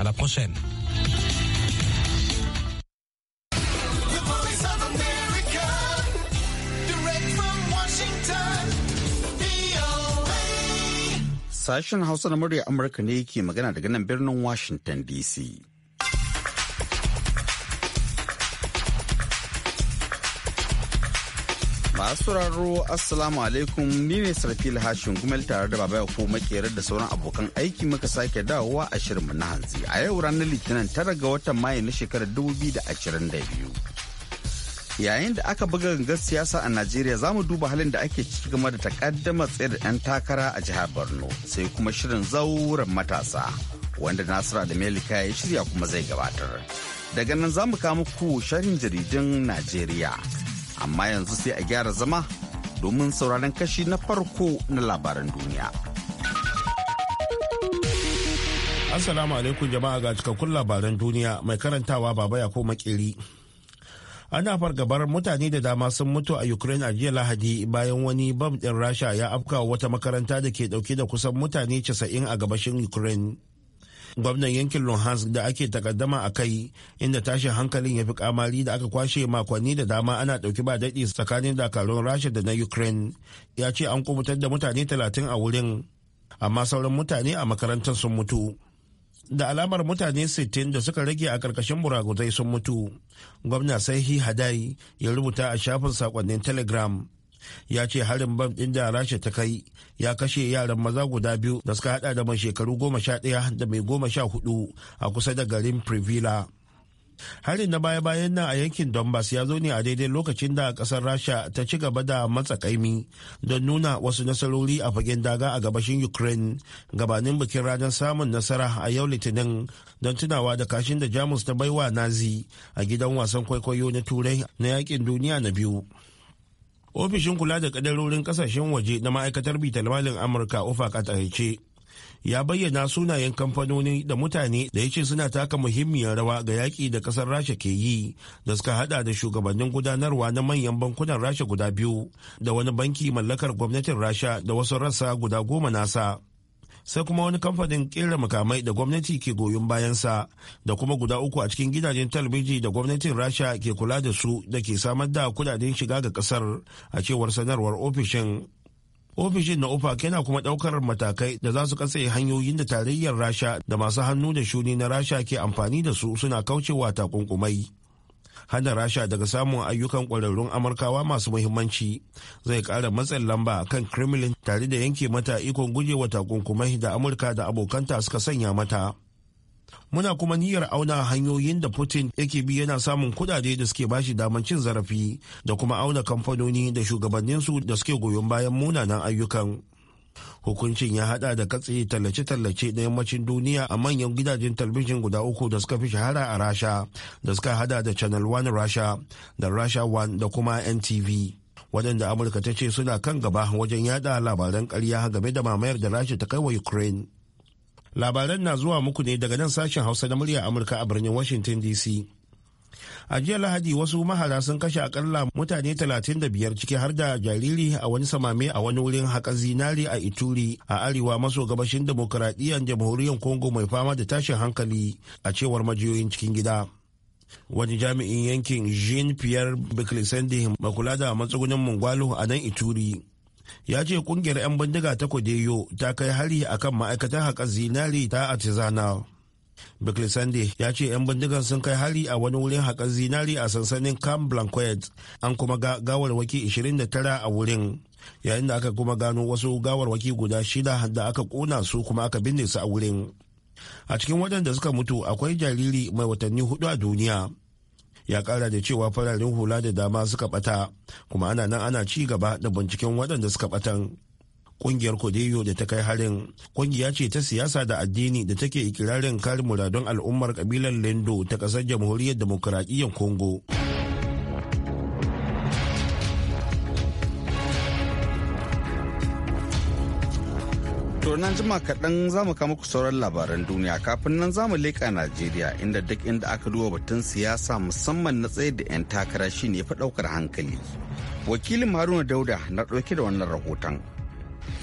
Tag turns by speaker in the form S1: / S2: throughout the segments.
S1: À la prochaine.
S2: Sashen Hausa na murya Amurka ne yake magana daga nan birnin Washington DC. Masu raro Assalamu alaikum ni ne Sarfil Hashin Gumel tare da Baba ko makera da sauran abokan aiki muka sake dawowa a shirinmu na hantsi a yau ranar Litinin tara ga watan Mayu na shekarar 2022. Yayin da aka buga gangar siyasa a Najeriya za mu duba halin da ake ciki game da takaddama tsayar 'yan takara a jihar Borno sai kuma shirin zauren matasa wanda Nasira da Melika ya shirya kuma zai gabatar. Daga nan za mu kawo muku sharhin jaridun Najeriya. amma yanzu sai a gyara zama domin sauraron kashi na farko na labaran duniya.
S3: Assalamu alaikum jama'a ga cikakkun labaran duniya mai karantawa baba ya ko makeri. Ana fargabar mutane da dama sun mutu a Ukraine a jiya Lahadi bayan wani bam ɗin Rasha ya afkawa wata makaranta da ke ɗauke da kusan mutane 90 a gabashin Ukraine. gwamnan yankin luhansk da ake takaddama a kai inda tashin hankalin ya fi kamari da aka kwashe makonni da dama ana dauki ba daɗi tsakanin dakarun rasha da na ukraine ya ce an kubutar da mutane talatin a wurin amma sauran mutane a makarantar sun mutu da alamar mutane 60 da suka rage a ƙarƙashin buragudai sun mutu gwamna sai hadari ya rubuta a shafin sakonnin telegram ya ce harin bam ɗin da rasha ta kai ya kashe yaran maza guda biyu da suka hada da mai shekaru goma sha ɗaya da mai goma sha hudu a kusa da garin privila harin na baya-bayan nan a yankin donbass ya zo ne a daidai lokacin da kasar rasha ta ci gaba da matsakaimi don nuna wasu nasarori a fagen daga a gabashin ukraine gabanin bikin ranar samun nasara a yau litinin don tunawa da kashin da jamus ta baiwa nazi a gidan wasan kwaikwayo na turai na yakin duniya na biyu ofishin kula da kadarorin kasashen waje na ma'aikatar bitar amurka ofak a ya bayyana sunayen kamfanoni da mutane da ya ce suna taka muhimmiyar rawa ga yaƙi da ƙasar rasha ke yi da suka hada da shugabannin gudanarwa na manyan bankunan rasha guda biyu da wani banki mallakar gwamnatin rasha da wasu rasa guda goma nasa sai kuma wani kamfanin kera makamai da gwamnati ke goyon bayansa da kuma guda uku a cikin gidajen talabijin da gwamnatin rasha ke kula da su da ke samar da kudaden shiga ga kasar a cewar sanarwar ofishin ofishin na opec yana kuma daukar matakai da za su katse hanyoyin da tarayyar rasha da masu hannu da shuni na rasha ke amfani da su suna kaucewa takunkumai hana rasha daga samun ayyukan kwararrun amurkawa masu muhimmanci zai ƙara matsin lamba kan kremlin tare da yanke mata ikon gujewa takunkumai da amurka da abokanta suka sanya mata muna kuma niyyar auna hanyoyin da putin yake bi yana samun kudade da suke bashi damar cin zarafi da kuma auna kamfanoni da shugabanninsu da suke goyon bayan munanan ayyukan hukuncin ya hada da katse tallace-tallace na yammacin duniya a manyan gidajen talbijin guda uku da suka fi shahara a rasha da suka hada da channel one rasha da rasha one da kuma ntv waɗanda amurka ta ce suna kan gaba wajen yada labaran karya game da mamayar da rasha ta kai wa ukraine labaran na zuwa muku ne daga nan sashen hausa na murya amurka a birnin washington dc a jiya lahadi wasu mahara sun kashe akalla mutane 35 ciki har da jariri a wani samame a wani wurin haƙa zinari a ituri a arewa maso gabashin demokuraɗiyyar jamhuriyar congo mai fama da tashin hankali a cewar majiyoyin cikin gida wani jami'in yankin jean pierre beklisende mai kula da matsugunin mungwalo a nan ituri ya ce kungiyar 'yan bindiga ta kodeyo ta kai hari akan ma'aikatar haƙa zinari ta artisanal Berkeley Sunday ya ce 'yan bindigan sun kai hari a wani wurin haƙar zinari a sansanin Camp Blanquet an kuma ga gawarwaki 29 a wurin. Yayin da aka kuma gano wasu gawarwaki guda shida da aka ƙona su kuma aka binne su a wurin. A cikin waɗanda suka mutu akwai jariri mai watanni hudu a duniya. Ya kara da cewa fararen hula da dama suka bata kuma ana nan ana ci gaba da binciken waɗanda suka ɓatan. kungiyar kodeyo da ta kai harin kungiya ce ta siyasa da addini da take ikirarin kare muradun al'ummar kabilar lendo ta kasar jamhuriyar demokuraɗiyyar congo
S2: To nan jima kaɗan za mu kama ku sauran labaran duniya kafin nan za mu leƙa Najeriya inda duk inda aka duba batun siyasa musamman na tsaye da 'yan takara shine
S4: ya fi ɗaukar hankali. Wakilin Haruna Dauda na ɗauke da wannan rahoton.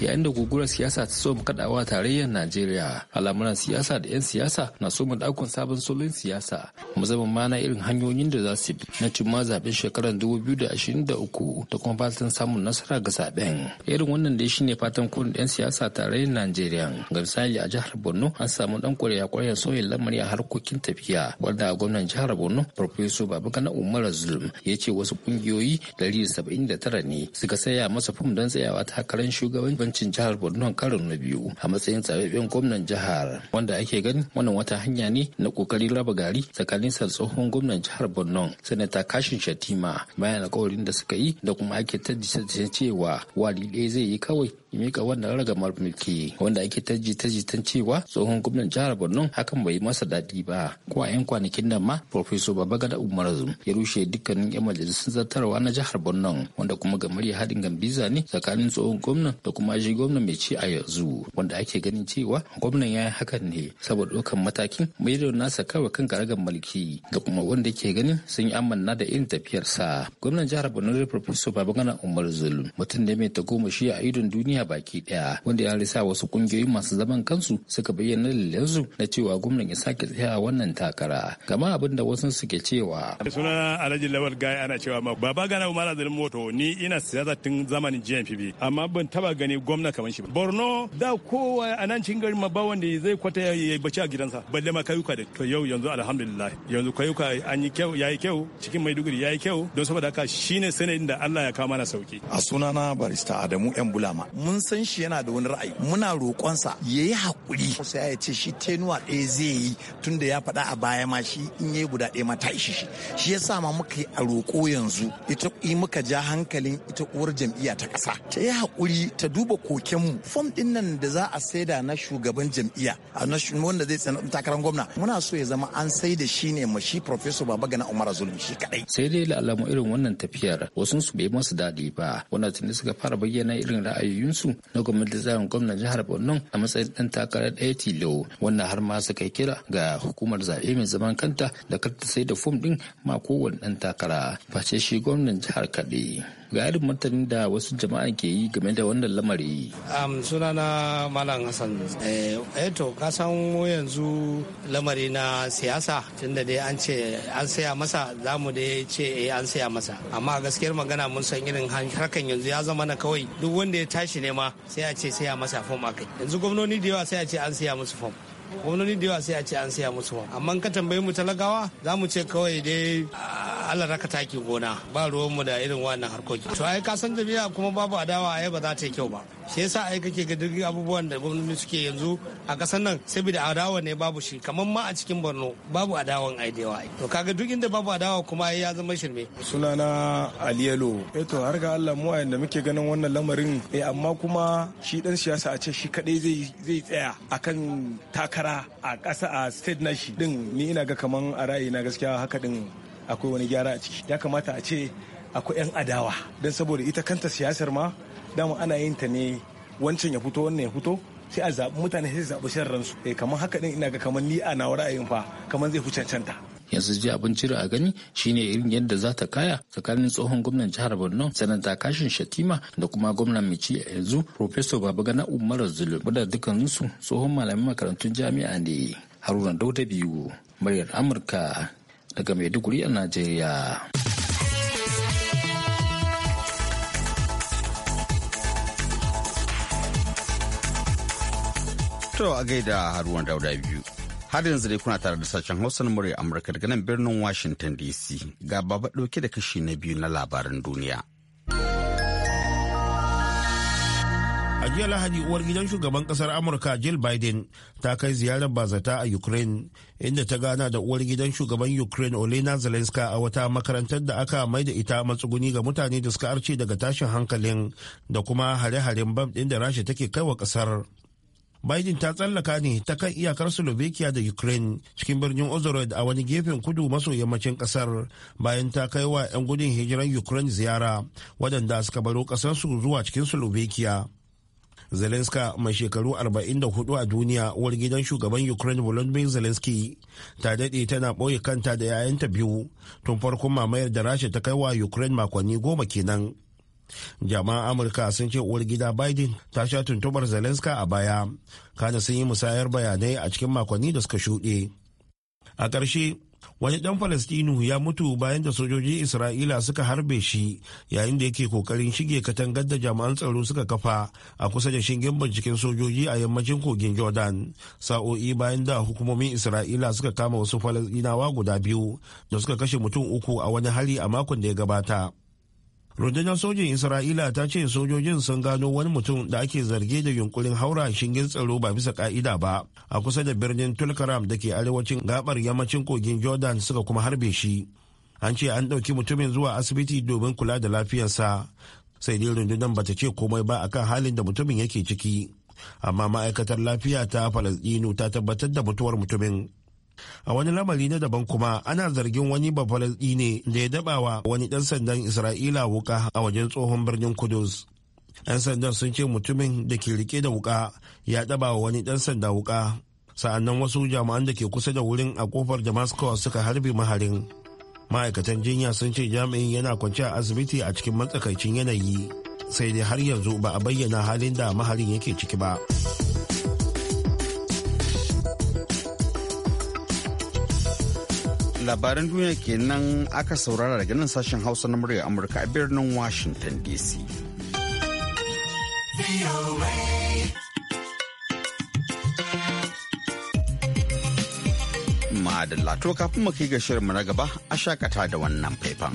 S4: yayin da guguwar siyasa ta so mu kadawa tarayyar najeriya al'amuran siyasa da 'yan siyasa na so mu dakon sabon solon siyasa musamman ma na irin hanyoyin da za su bi na cimma zaben shekarar 2023 da kuma fatan samun nasara ga zaben irin wannan da shine fatan kun 'yan siyasa tarayyar najeriya ga misali a jihar borno an samu dan kwarya kwaryar sauyin lamari a harkokin tafiya wanda gwamnan jihar borno professor babakana umar zulum ya ce wasu kungiyoyi 179 ne suka saya masa fom don tsayawa takarar shugaban shugabancin jihar borno karin na biyu a matsayin zababben gwamnan jihar wanda ake gani wannan wata hanya ne na kokarin raba gari tsakanin sa tsohon gwamnan jihar borno sanata kashin shatima bayan alƙawarin da suka yi da kuma ake ta cewa wali ɗaya zai yi kawai mika wannan ragamar mulki wanda ake ta jitan cewa tsohon gwamnan jihar Borno hakan bai masa daɗi ba ko a 'yan kwanakin nan ma Professor Babagada Umar ya rushe dukkanin 'yan majalisun zartarwa na jihar Borno wanda kuma gamar haɗin gambiza ne tsakanin tsohon gwamnan da kuma shi gwamnan mai ci a yanzu wanda ake ganin cewa gwamnan ya yi hakan ne saboda ɗaukan matakin mai da nasa kawai kan karagar mulki da kuma wanda ke ganin sun yi amanna da irin tafiyarsa gwamnan jihar Borno Professor Babagana Umar Zulum mutum ne mai ta shi a idon duniya duniya baki daya wanda ya sa wasu kungiyoyin masu zaman kansu suka bayyana dalilansu na cewa gwamnan ya sake tsaya wannan takara kama abin da wasu suke cewa
S1: suna alhaji lawal gai ana cewa
S3: ma baba gana umar azalin moto ni ina siyasa tun zamanin GNPB amma ban taba gani gwamna kamar shi Borno da kowa a nan cikin garin ma ba wanda zai kwata ya yi bacci a gidansa balle ma kayuka da to yau yanzu alhamdulillah yanzu kayuka an yi kyau yayi kyau cikin Maiduguri yayi kyau don
S4: saboda haka shine sanadin da Allah ya kawo mana sauki
S5: a sunana barista Adamu yan bulama
S3: mun san shi yana da wani ra'ayi muna roƙonsa ya yi haƙuri sai ya ce shi tenuwa ɗaya zai yi tun da ya faɗa a baya ma shi in ya yi guda ɗaya ma ishi shi shi ya sa ma muka yi a roƙo yanzu ita muka ja hankalin ita uwar jam'iyya ta ƙasa ta yi haƙuri ta duba kokenmu fom ɗin nan da za a saida na shugaban jam'iyya a na wanda zai tsana takarar gwamna muna so ya zama an sai da shi ne ma shi professor gana umar zulmi shi
S4: kaɗai. sai dai la'alamu irin wannan tafiyar wasu su bai masu daɗi ba wanda tuni suka fara bayyana irin ra'ayoyin su na gwamnati zaben gwamnan jihar Borno a matsayin dan takarar ɗaya tilo wannan har ma suka yi kira ga hukumar zaɓe mai zaman kanta da karta sai da fom ɗin ma kowane dan takara face shi gwamnan jihar kaɗai. ga irin martanin da wasu jama'a ke yi game da wannan lamari. Um, sunana Malam Hassan. Eh, eh to ka san yanzu lamari na siyasa tunda dai an ce an saya masa za mu dai ce eh an saya masa. Amma gaskiyar magana mun san irin harkan yanzu ya zama na kawai duk wanda ya tashi ne ma sai a ce saya masa fom a kai. Yanzu gwamnoni da yawa sai a ce an saya musu fom. gwamnoni da yawa sai a ce an siya musu amma ka tambayi mu talagawa za mu ce kawai dai Allah raka takin gona ba ruwan mu da irin wannan harkoki to ai ka san jami'a kuma babu adawa ai ba za ta yi kyau ba shi yasa ai kake ga duk abubuwan da gwamnati suke yanzu a kasan nan saboda adawa ne babu shi kamar ma a cikin Borno babu adawan ai da yawa to kaga duk inda babu adawa kuma ya zama shirme
S1: sunana Aliyelo eh to har ga Allah mu da muke ganin wannan lamarin eh amma kuma shi dan siyasa a ce shi kadai zai zai tsaya akan takara a kasa a state na shi din ni ina ga kaman a ra'ayi na gaskiya haka din akwai wani gyara a ciki ya kamata a ce akwai 'yan adawa don saboda ita kanta siyasar ma dama ana yin ta ne wancan ya fito wannan ya fito sai a zaɓi mutane sai zaɓi shan ransu eh kamar haka din ina ga kamar ni a nawa ra'ayin fa kamar zai fi cancanta
S4: yanzu ji abin cire a gani shine irin yadda za ta kaya tsakanin tsohon gwamnan jihar borno sanata kashin shatima da kuma gwamnan mici a yanzu professor gana umar zulum wadda dukkaninsu tsohon malamin makarantun jami'a ne haruna dauda biyu muryar amurka daga Maiduguri a Najeriya.
S2: To a gaida haruwan Dauda biyu. Har yanzu dai kuna tare da sashen Hausa na murya Amurka daga nan birnin Washington DC. Ga baba ɗauke da kashi na biyu
S3: na labaran duniya. jiya lahadi uwar gidan shugaban kasar amurka jill biden ta kai ziyarar bazata a ukraine inda ta gana da uwar gidan shugaban ukraine olena zelenska a wata makarantar da aka mai da ita matsuguni ga mutane da suka arce daga tashin hankalin da kuma hare-haren bam ɗin da rasha take kai wa kasar Biden ta tsallaka ne ta kan iyakar Slovakia da Ukraine cikin birnin Ozorod a wani gefen kudu maso yammacin kasar bayan ta kai wa 'yan gudun hijiran Ukraine ziyara waɗanda suka baro ƙasarsu zuwa cikin Slovakia. zelenska mai shekaru 44 a duniya uwar gidan shugaban ukraine volodymyr zelensky ta daɗe tana ɓoye kanta da 'ya'yanta biyu tun farkon mamayar da rasha ta kai wa ukraine makonni goma kenan jama'an amurka sun ce uwar gida biden ta sha tuntubar zelenska a baya kana sun yi musayar bayanai a cikin makonni da suka shuɗe a ƙarshe wani dan falastinu ya mutu bayan da sojojin isra'ila suka harbe shi yayin da yake kokarin shige katangar da jami'an tsaro suka kafa a kusa da shingen binciken sojoji a yammacin kogin jordan sa'o'i bayan da hukumomin isra'ila suka kama wasu falastinawa guda biyu da suka kashe mutum uku a wani hari a makon da ya gabata rundunar sojin isra'ila ta ce sojojin sun gano wani mutum da ake zarge da yunkurin haura shingen tsaro ba bisa ka'ida ba a kusa da birnin tulkaram da ke arewacin gabar yammacin kogin jordan suka kuma harbe shi an ce an ɗauki mutumin zuwa asibiti domin kula da lafiyarsa sai dai rundunar bata ce komai ba akan halin da mutumin yake ciki amma ma'aikatar lafiya ta falasɗinu ta tabbatar da mutuwar mutumin a wani lamari na daban kuma ana zargin wani bafalasdi ne da ya daba wa wani dan sandan isra'ila wuka a wajen tsohon birnin kudus yan sandan sun ce mutumin da ke rike da wuka ya daba wa wani dan sanda wuka sa'annan wasu jami'an da ke kusa da wurin a kofar damascus suka harbe maharin ma'aikatan jinya sun ce jami'in yana kwance a asibiti a cikin matsakaicin yanayi sai dai har yanzu ba a bayyana halin da maharin yake ciki ba.
S2: labaran duniya kenan aka saurara daga nan sashen Hausa na murya Amurka a birnin Washington DC. ma'adala to kafin mu kai ga shirinmu na gaba a shakata da wannan faifan.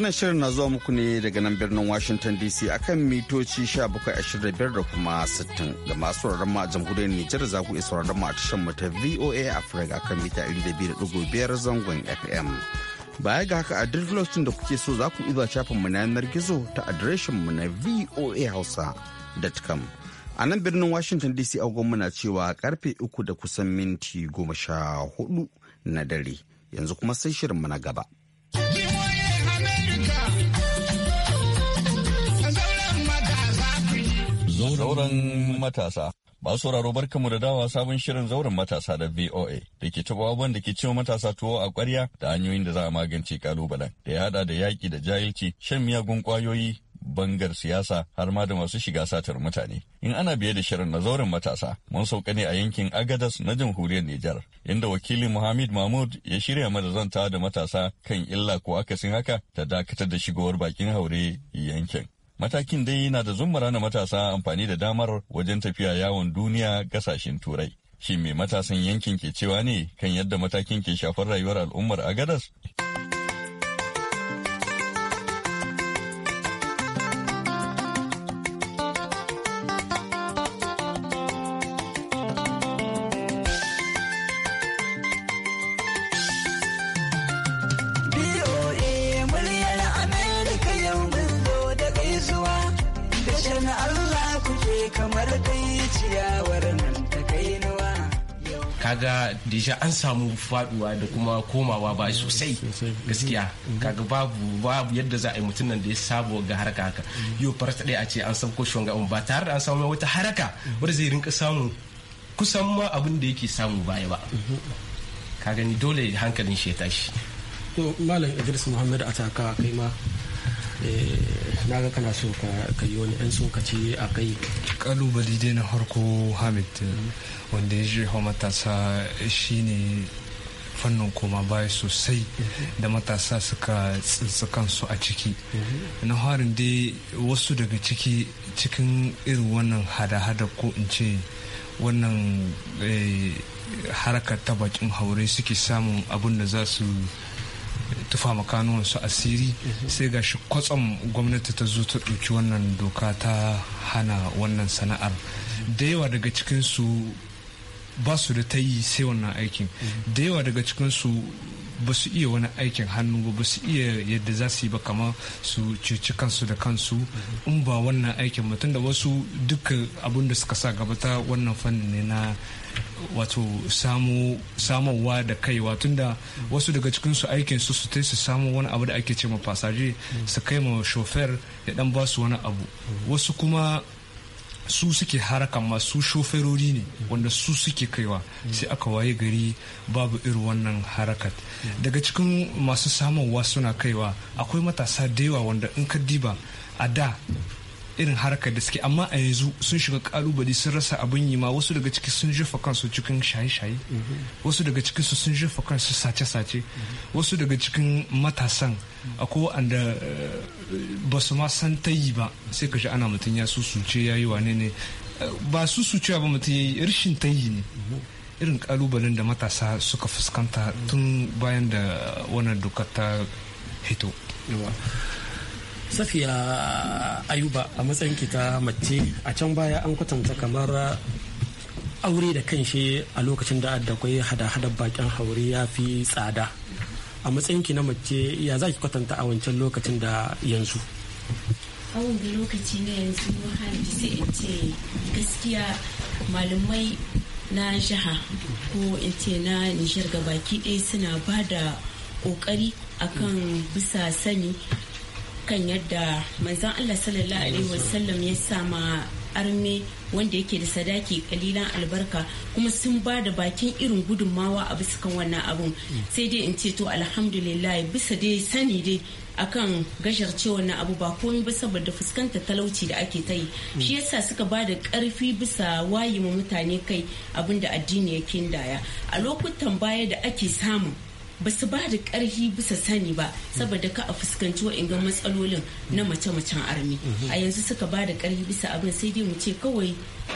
S2: Wannan shirin na zuwa muku ne daga nan birnin Washington DC akan mitoci 1725 da kuma 60 da masu mu a jamhuriyar Nijar za ku isa sauraron mu a tashar mu ta VOA Africa akan mita 200.5 zangon FM. Baya ga haka a duk lokacin da kuke so za ku iya shafin mu na yanar gizo ta adireshin mu na voahausa.com. A nan birnin Washington DC agon muna cewa karfe uku da kusan minti sha hudu na dare. Yanzu kuma sai shirin mu na gaba.
S6: Zauren matasa. Ba sauraro barkamu da dawa sabon shirin zauren matasa da VOA da ke taɓa abubuwan da ke cewa matasa tuwo a kwarya da hanyoyin da za a magance kalubalen da ya haɗa da yaƙi da jahilci, shan miyagun ƙwayoyi, bangar siyasa har ma da masu shiga satar mutane. In ana biye da shirin na zauren matasa, mun sauka ne a yankin Agadas na jamhuriyar Nijar, inda wakilin Muhammad Mahmud ya shirya madazanta zanta da matasa kan illa ko akasin haka ta dakatar da shigowar bakin haure yankin. Matakin dai yana da zummara na matasa amfani da damar wajen tafiya yawon duniya kasashen turai. Shin mai matasan yankin ke cewa ne kan yadda matakin ke shafar rayuwar al'ummar a Gadas?
S5: kaga deja an samu faduwa da kuma komawa ba sosai gaskiya kaga babu babu yadda za
S1: a yi mutum nan da ya sabo ga haraka haka mm-hmm. yau farta ɗaya a ce an sauko shugaban ba tare da an samu wata haraka mm-hmm. wadda zai rinka samu kusan ma abin da yake samu baya ba mm-hmm.
S4: ka gani dole hankalin shi ya tashi malam idris muhammad ataka kai ma
S1: Eh, na ga kana so ka yi wani yan tsokaci a kai kalubali dai na harko hamid wanda ya jefa matasa shine fannin koma baya sosai da matasa suka tsinci kansu a ciki na harin dai wasu daga ciki cikin irin wannan hada-hada ko in ce wannan eh, harkar ta bakin haure suke samun abin da za su tufa makanuwan su asiri sai ga shi kwatsam gwamnati ta zo ta ɗauki wannan doka ta hana wannan sana'ar da yawa daga cikinsu ba su da ta yi sai wannan aikin da yawa daga cikinsu ba su iya wani aikin hannu ba ba su iya yadda za su yi ba kamar su cuci kansu da kansu in ba wannan aikin mutum da wasu duka abin da suka sa gaba ta wannan fannin ne na wato samowa da kaiwa tunda wasu daga cikinsu aikin su su su samu wani abu da ake ce ma fasaje su kai ma shofer ya dan ba su wani abu wasu kuma su suke haraka masu shoferori ne wanda su suke kaiwa sai aka waye gari babu irin wannan harakat daga cikin masu samarwa suna kaiwa akwai matasa da yawa wanda in ka diba a da irin harkar da suke amma a yanzu sun shiga kalubale sun rasa abin yi ma wasu daga ciki sun jefa kansu cikin shaye-shaye mhm. wasu daga cikin su sun jefa kansu sace-sace mhm. wasu daga cikin matasan akwai wanda eh, ba su ma san ta yi ba sai ka ana mutum ya susuce ya yi wane ne eh, ba susucewa ba mutum ya yi rashin yi ne mhm. irin kalubalen da matasa suka fuskanta tun bayan da wannan dokar ta hito safiya ayuba a matsayin ta mace a can baya an kwatanta
S4: kamar aure da kanshi a lokacin da kwai hada-hadar bakin haure ya fi tsada a matsayin ki na mace ya za ki kwatanta a wancan lokacin da yanzu
S7: awon da lokaci na yanzu hajji sai in ce gaskiya malamai na jiha ko in ce na nishar baki ɗaya suna ba da ƙoƙari akan bisa sani kan yadda manzon Allah sallallahu alaihi wasallam ya sama arme wanda yake da sadaki kalilan albarka kuma sun ba da bakin irin gudunmawa a bisa kan wannan abun sai dai in ce to alhamdulillah bisa dai sani dai akan gashar ce wannan abu ba komai ba saboda fuskanta talauci da ake ta yi shi yasa suka ba da karfi bisa wayi ma mutane kai abinda addini ya kindaya a lokutan baya da ake samu ba su ba da karhi bisa sani ba saboda ka a fuskanci wa'ingan matsalolin na mace-macen armi a yanzu suka ba da karhi bisa abin sai dai mu ce kawai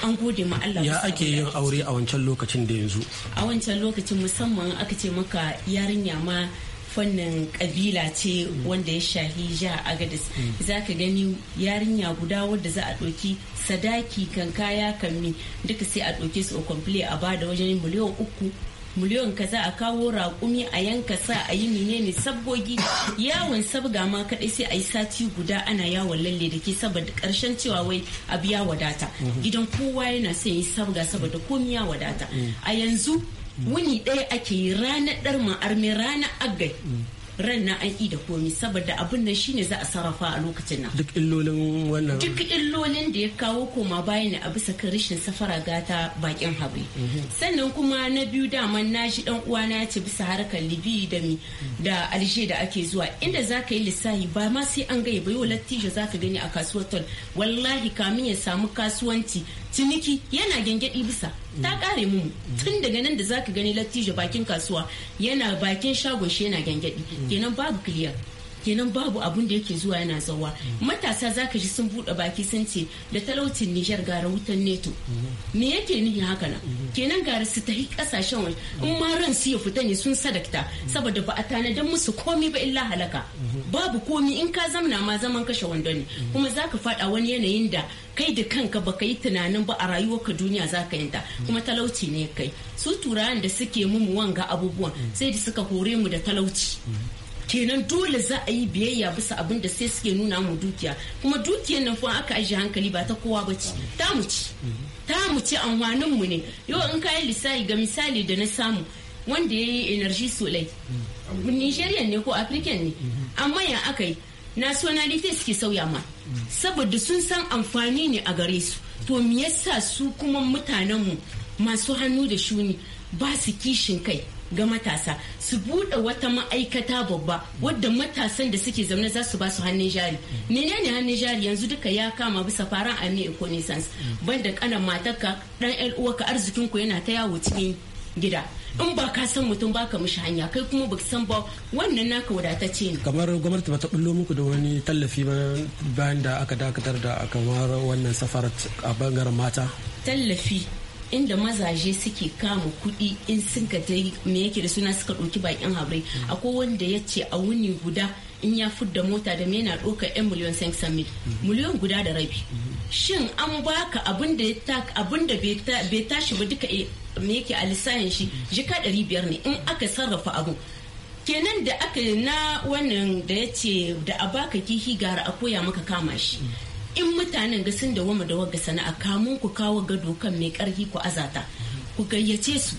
S7: an gode ma Allah ya
S4: ake yin aure a wancan lokacin da yanzu
S7: a wancan lokacin musamman aka ce maka yarinya ma fannin kabila ce wanda ya shahi jiha agadis za ka gani yarinya guda wadda za a ɗauki sadaki kan kaya kammi duka sai a ɗauke su a a bada wajen miliyan uku miliyon kaza a kawo raƙumi a yanka sa a yi menene sabbogi yawon sabga ma kaɗai sai a yi sati guda ana yawon lalle da ke saboda ƙarshen cewa wai abu ya wadata gidan mhm. kowa yana sai ya yi sabga saboda komi ya wadata mhm. a yanzu wuni ɗaya ake yi ranar ɗar armi ranar agai mhm. ran na aiki da komi saboda abin nan shine za a sarrafa a lokacin nan duk illolin wannan duk illolin da ya kawo koma bayan a bisa kan rashin safara gata bakin habi mhm. sannan kuma na biyu daman na shi dan uwana ya ce bisa harkar libi da mi da alje da ake zuwa inda za ka yi lissahi ba ma sai an gaya ba yau lattijo za ka gani a kasuwar tol wallahi kamin ya samu kasuwanci ciniki yana gyangyaɗi bisa ta kare mm. mu mm. tun daga nan da zaka gani lattijo bakin kasuwa yana bakin shagon shi yana gyangyaɗi mm. kenan babu kiliyar kenan babu abun da yake zuwa yana zawa matasa zaka ji sun bude baki sun ce da talaucin Nijar gara wutan neto me yake nihi haka nan kenan gara su tahi kasashen waje in ma ran su ya fita ne sun sadakta saboda ba a tanadan musu komi ba illa halaka babu komi in ka zamna ma zaman kashe wando ne kuma zaka fada wani yanayin da kai da kanka baka yi tunanin ba a ka duniya za ka yanta kuma talauci ne kai su turawan da suke mumu wanga abubuwan sai da suka hore mu da talauci kenan dole za a yi biyayya bisa abin da sai suke nuna mu dukiya kuma dukiyar nan fa aka ajiye hankali ba ta kowa ba ce ta mu ci ta mu ci amfanin mu ne yau in kayan lissafi ga misali da na samu wanda ya yi energy solai nijeriya ne ko african ne amma ya aka yi nationality suke sauya ma saboda sun san amfani ne a gare su to me yasa su kuma mutanen mu masu hannu da shuni ba su kishin kai ga matasa su buɗe wata ma'aikata babba wadda matasan da suke zaune za su ba su hannun jari menene hannun jari yanzu duka ya kama bisa faran a ne econisans banda kanan matarka dan yan uwarka arzikin ku yana ta yawo cikin gida in ba ka san mutum ba ka mishi hanya kai kuma ba san ba wannan naka wadatacce ne
S4: kamar gwamnati ba ta bullo muku da wani tallafi ba bayan da aka dakatar da kamar wannan safarar a bangaren mata
S7: tallafi inda mazaje suke kama kuɗi in sun ka ta me yake da suna suka ɗauki bakin haɓre akwai wanda ya ce a wuni guda in ya fudda mota da me yana ɗaukar 'yan miliyan 500 mil miliyan guda da rabi shin an baka abin da bai tashi ba duka eh, me yake a lissahin shi jika 500 ne in aka sarrafa abu kenan da aka na wannan da ya ce da a baka kihi gara a koya maka kama shi in mutanen ga sun dawama da waga sana'a kamun ku kawo gado kan mai karfi ku azata ku gayyace su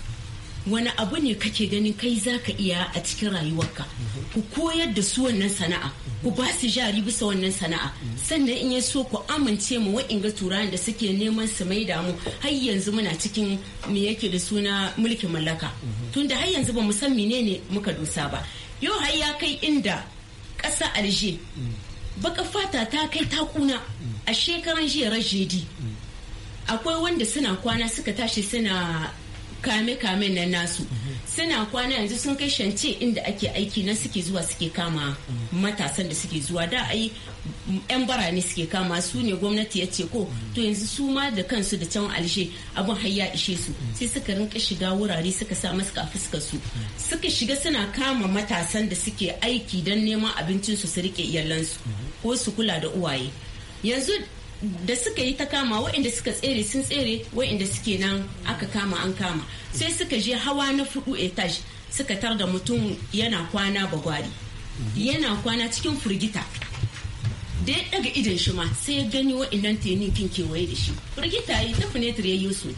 S7: wani abu ne kake ganin kai za ka iya a cikin rayuwarka ku koyar da su wannan sana'a ku ba su jari bisa wannan sana'a sannan in ya so ku amince mu wa'inga turayen da suke neman su mai damu har yanzu muna cikin me yake da suna mulkin mallaka tunda har yanzu ba mu san menene muka dosa ba yau har ya kai inda ƙasa alje baka fata ta kai ta kuna a shekaran jiya rajedi akwai wanda suna kwana suka tashi suna kame-kame na nasu suna kwana yanzu sun kai shance inda ake aiki na suke zuwa suke kama matasan da suke zuwa da ai yan bara suke kama su ne gwamnati ya ce ko to yanzu su ma da kansu da can alshe abin har ya ishe su sai suka rinka shiga wurare suka sa masu fuskar su suka shiga suna kama matasan da suke aiki don neman abincin su su rike iyalansu ko su kula da uwaye yanzu da suka yi ta kama waɗanda suka tsere sun tsere waɗanda suke nan aka kama an kama sai suka je hawa na fudu etage suka tar da mutum yana kwana bagwari yana kwana cikin firgita da ya daga idon shi ma sai ya gani waɗannan tenikin kewaye da shi firgita yi ta ya yi su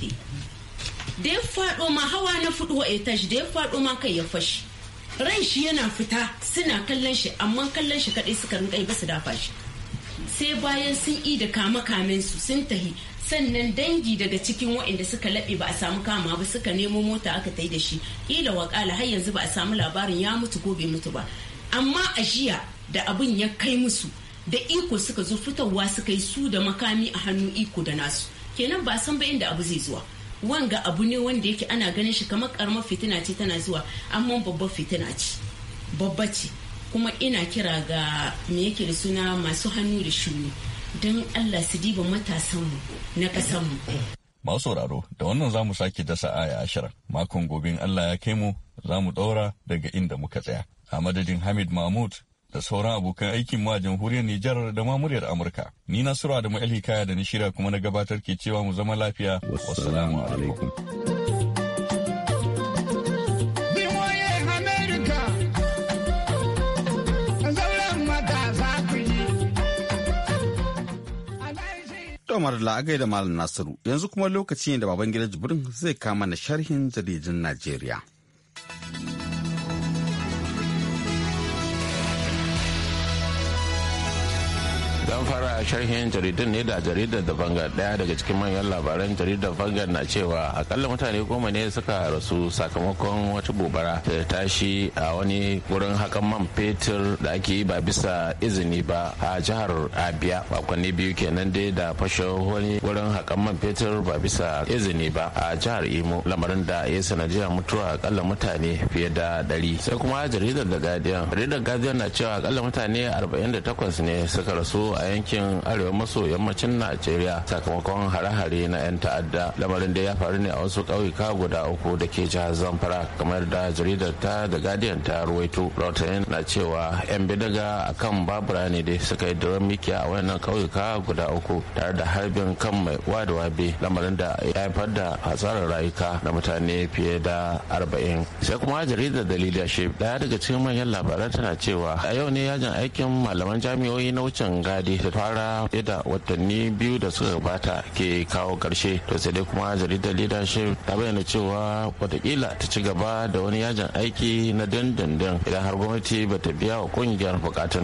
S7: da ya faɗo ma hawa na fudu etage da ya faɗo ma kai ya fashi ran shi yana fita suna kallon shi amma kallon shi kadai suka rinka ba su dafa shi sai bayan sun yi da kama kamen su sun tahi sannan dangi daga cikin waɗanda suka laɓe ba a samu kama ba suka nemo mota aka tai da shi ila wakala har yanzu ba a samu labarin ya mutu ko bai mutu ba amma a jiya da abin ya kai musu da iko suka zo fitowa suka yi su da makami a hannu iko da nasu kenan ba san ba inda abu zai zuwa wanga abu ne wanda yake ana ganin shi kamar karamar fitina ce tana zuwa amma babbar fitina ce babba ce kuma ina kira ga me yake da suna masu hannu da shuni don allah su diba matasanmu na kasanmu
S6: masu sauraro da wannan za mu sake dasa aya ashirin makon gobin allah ya kai mu za mu daura daga inda muka tsaya a madadin hamid mahmud da sauran abokan aikin ma jamhuriyar Nijar da ma muryar Amurka. Ni na Sura da Ma'ali Kaya da na shirya kuma na gabatar ke cewa mu zama lafiya. Wassalamu alaikum.
S2: Tomar la'agai da Malam Nasiru yanzu kuma lokaci ne da Babangida Jibrin zai kama na sharhin jaridun Najeriya.
S5: zan fara sharhin jaridun ne da jaridar da bangar daya daga cikin manyan labaran jaridar bangar na cewa akalla mutane goma ne suka rasu sakamakon wata gobara da tashi a wani wurin hakan man fetur da ake yi ba bisa izini ba a jihar abia makonni biyu kenan dai da fashe wani wurin hakan man fetur ba bisa izini ba a jihar imo lamarin da ya sanadiyar mutuwa akalla mutane fiye da ɗari sai kuma jaridar da guardian jaridar guardian na cewa akalla mutane 48 ne suka rasu a yankin arewa maso yammacin najeriya sakamakon hare-hare na 'yan ta'adda lamarin da ya faru ne a wasu ƙauyuka guda uku da ke jihar zamfara kamar da jaridar ta da gadiyan ta ruwaito rahotanni na cewa 'yan bidaga a kan babura ne dai suka yi daren mikiya a wannan ƙauyuka guda uku tare da harbin kan mai wadawa wabe lamarin da ya haifar da hasarar rayuka na mutane fiye da arba'in sai kuma jaridar da leadership daya daga cikin manyan labaran tana cewa a yau ne yajin aikin malaman jami'o'i na wucin gadi dai ta fara yadda watanni biyu da suka gabata ke kawo karshe to sai dai kuma jaridar leadership ta bayyana cewa watakila ta ci gaba da wani yajin aiki na dandandan idan har gwamnati ba ta biya wa kungiyar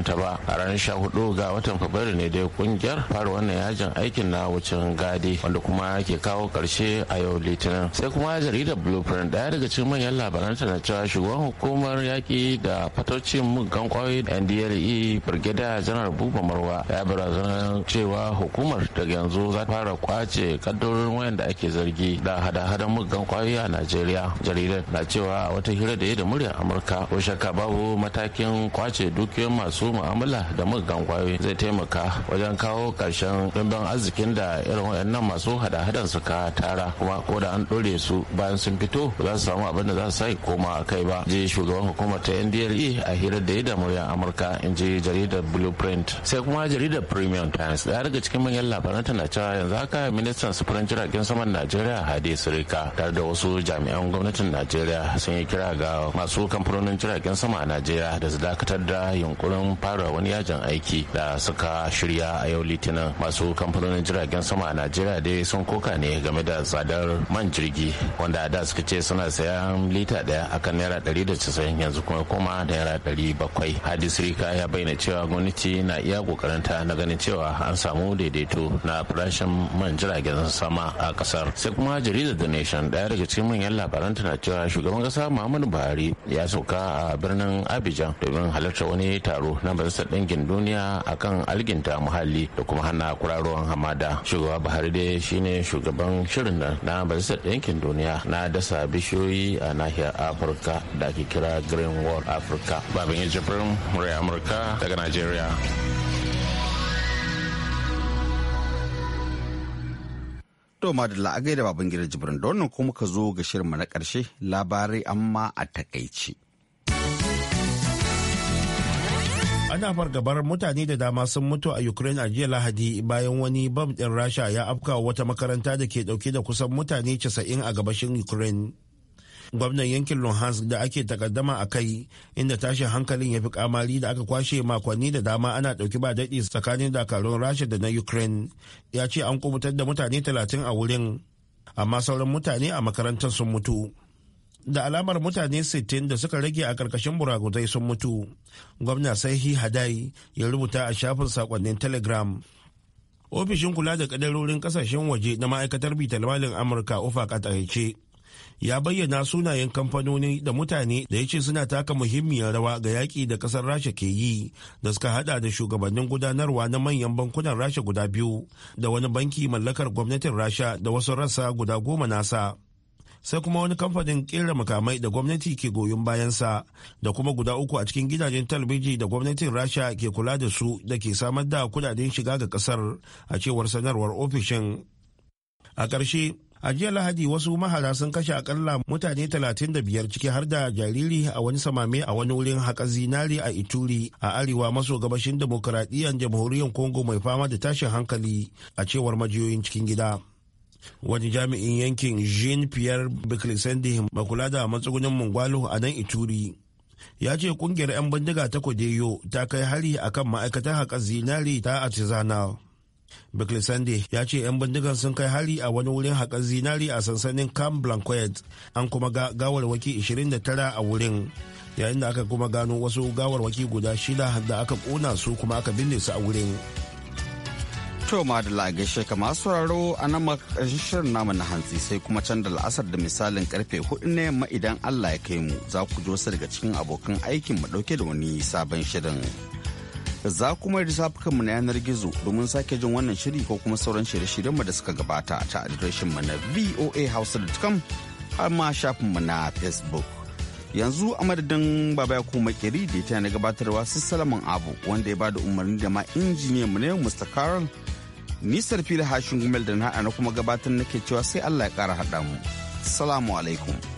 S5: ta ba a ranar sha hudu ga watan fabrairu ne dai kungiyar fara wannan yajin aikin na wucin gadi wanda kuma ke kawo karshe a yau litinin sai kuma jaridar blueprint daya daga cikin manyan labaran ta na cewa shugaban hukumar yaki da fatocin muggan kwayoyi ndle brigadier janar buba marwa ya barazanar cewa hukumar daga yanzu za ta fara kwace kaddarorin wayan da ake zargi da hada-hadan muggan kwayoyi a najeriya jaridar na cewa a wata hira da ya da murya amurka ko shakka babu matakin kwace dukiyoyin masu mu'amala da muggan kwayoyi zai taimaka wajen kawo karshen dimbin arzikin da irin wayannan masu hada-hadan suka tara kuma ko da an dore su bayan sun fito ba za su samu abin da za su sai koma a kai ba je shugaban hukumar ta ndle a hirar da ya da murya amurka in ji jaridar blueprint sai kuma jaridar jaridar premium times daya daga cikin manyan labaran na cewa yanzu haka ministan sufurin jiragen saman najeriya hade sirika tare da wasu jami'an gwamnatin najeriya sun yi kira ga masu kamfanonin jiragen sama a najeriya da su dakatar da yunkurin fara wani yajin aiki da suka shirya a yau litinin masu kamfanonin jiragen sama a najeriya dai sun koka ne game da tsadar man jirgi wanda da suka ce suna sayan lita daya akan naira ɗari da casa'in yanzu kuma koma naira ɗari bakwai hadi sirika ya bayyana cewa gwamnati na iya kokarinta ta na ganin cewa an samu daidaito na farashin man jiragen sama a kasar sai kuma jaridar the nation daya daga cikin manyan labaran tana cewa shugaban kasa muhammadu buhari ya sauka a birnin abidjan domin halartar wani taro na majalisar dangin duniya akan alginta muhalli da kuma hana kuraruwan hamada shugaba buhari dai shine shugaban shirin nan na majalisar dangin duniya na dasa bishiyoyi a nahiyar afirka da ake kira green wall africa babin ejibirin murai amurka daga nigeria
S2: To madalla a gaida baban gida jibrin da wannan kuma ka zo ga shirinmu na ƙarshe labarai amma a takaici.
S3: Ana fargabar mutane da dama sun mutu a Ukraine a jiya Lahadi bayan wani bam ɗin Rasha ya afka wata makaranta da ke ɗauke da kusan mutane 90 a gabashin Ukraine. gwamnan yankin luhansk da ake takaddama a kai inda tashin hankalin ya fi kamari da aka kwashe makonni da dama ana ɗauki ba daɗi tsakanin dakarun rasha da na ukraine ya ce an kubutar da mutane 30 a wurin amma sauran mutane a makarantar sun mutu da alamar mutane 60 da suka rage a karkashin buragudai sun mutu gwamna sahi hadai ya rubuta a shafin sakonnin telegram ofishin kula da kadarorin kasashen waje na ma'aikatar bitalmalin amurka ofa a ya bayyana sunayen kamfanoni da mutane da ya ce suna taka muhimmiyar rawa ga yaƙi da ƙasar rasha ke yi da suka hada da shugabannin gudanarwa na manyan bankunan rasha guda biyu da wani banki mallakar gwamnatin rasha da wasu rasa guda goma nasa sai kuma wani kamfanin kera makamai da gwamnati ke goyon bayansa da kuma guda uku a cikin gidajen talabijin da gwamnatin rasha ke kula da su da ke samar da kudaden shiga ga kasar a cewar sanarwar ofishin a ƙarshe a jiya lahadi wasu mahara sun kashe akalla mutane 35 ciki har da jariri a wani samame a wani wurin haƙa zinari a ituri a arewa maso gabashin demokuraɗiyyar jamhuriyar congo mai fama da tashin hankali a cewar majiyoyin cikin gida wani jami'in yankin jean pierre beklisende makula da matsugunin mungwalo a nan ituri ya ce kungiyar 'yan bindiga ta kodeyo ta kai hari akan ma'aikatar haƙar zinari ta artisanal Bickley Sunday ya ce 'yan bindigan sun kai hari a wani wurin haƙar zinari a sansanin Camp Blanquet an kuma ga gawarwaki 29 a wurin yayin da aka kuma gano wasu gawarwaki guda shida da aka ƙona su kuma aka binne su a wurin.
S2: To madalla gaishe ka masu sauraro a nan shirin namu na hantsi sai kuma can da la'asar da misalin karfe hudu na yamma idan Allah ya kai mu za ku ji wasu daga cikin abokan aikin mu dauke da wani sabon shirin. za kuma yi mu na yanar gizo domin sake jin wannan shiri ko kuma sauran shirye-shiryenmu da suka gabata ta mu na voahouse.com har ma mu na facebook yanzu a madadin baba kuma makeri da ya na gabatarwa su salaman abu wanda ya bada umarni da ma injiniyan mu ne mr carol nisar fili hashin gumel da na kuma gabatar nake cewa sai allah ya kara haɗa mu salamu alaikum